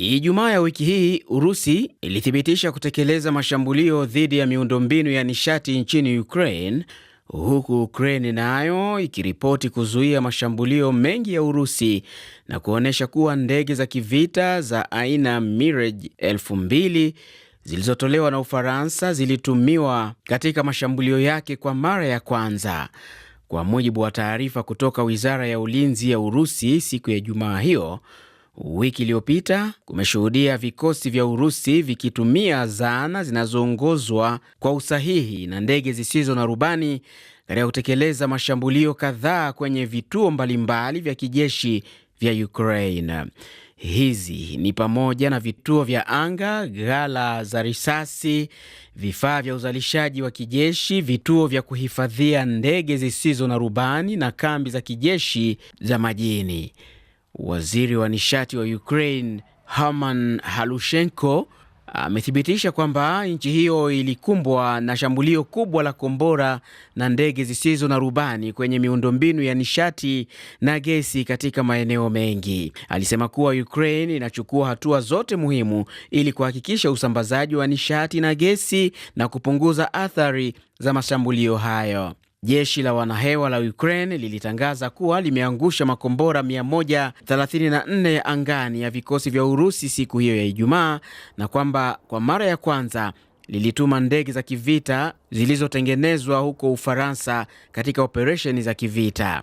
Ijumaa ya wiki hii Urusi ilithibitisha kutekeleza mashambulio dhidi ya miundombinu ya nishati nchini Ukraine, huku Ukraine nayo ikiripoti kuzuia mashambulio mengi ya Urusi na kuonyesha kuwa ndege za kivita za aina Mirage mbili zilizotolewa na Ufaransa zilitumiwa katika mashambulio yake kwa mara ya kwanza. Kwa mujibu wa taarifa kutoka Wizara ya Ulinzi ya Urusi siku ya Ijumaa hiyo Wiki iliyopita kumeshuhudia vikosi vya Urusi vikitumia zana zinazoongozwa kwa usahihi na ndege zisizo na rubani katika kutekeleza mashambulio kadhaa kwenye vituo mbalimbali vya kijeshi vya Ukraine. Hizi ni pamoja na vituo vya anga, ghala za risasi, vifaa vya uzalishaji wa kijeshi, vituo vya kuhifadhia ndege zisizo na rubani na kambi za kijeshi za majini. Waziri wa nishati wa Ukraine Herman Halushenko amethibitisha kwamba nchi hiyo ilikumbwa na shambulio kubwa la kombora na ndege zisizo na rubani kwenye miundombinu ya nishati na gesi katika maeneo mengi. Alisema kuwa Ukraine inachukua hatua zote muhimu ili kuhakikisha usambazaji wa nishati na gesi na kupunguza athari za mashambulio hayo. Jeshi la wanahewa la Ukraine lilitangaza kuwa limeangusha makombora 134 ya angani ya vikosi vya Urusi siku hiyo ya Ijumaa na kwamba kwa mara ya kwanza lilituma ndege za kivita zilizotengenezwa huko Ufaransa katika operesheni za kivita.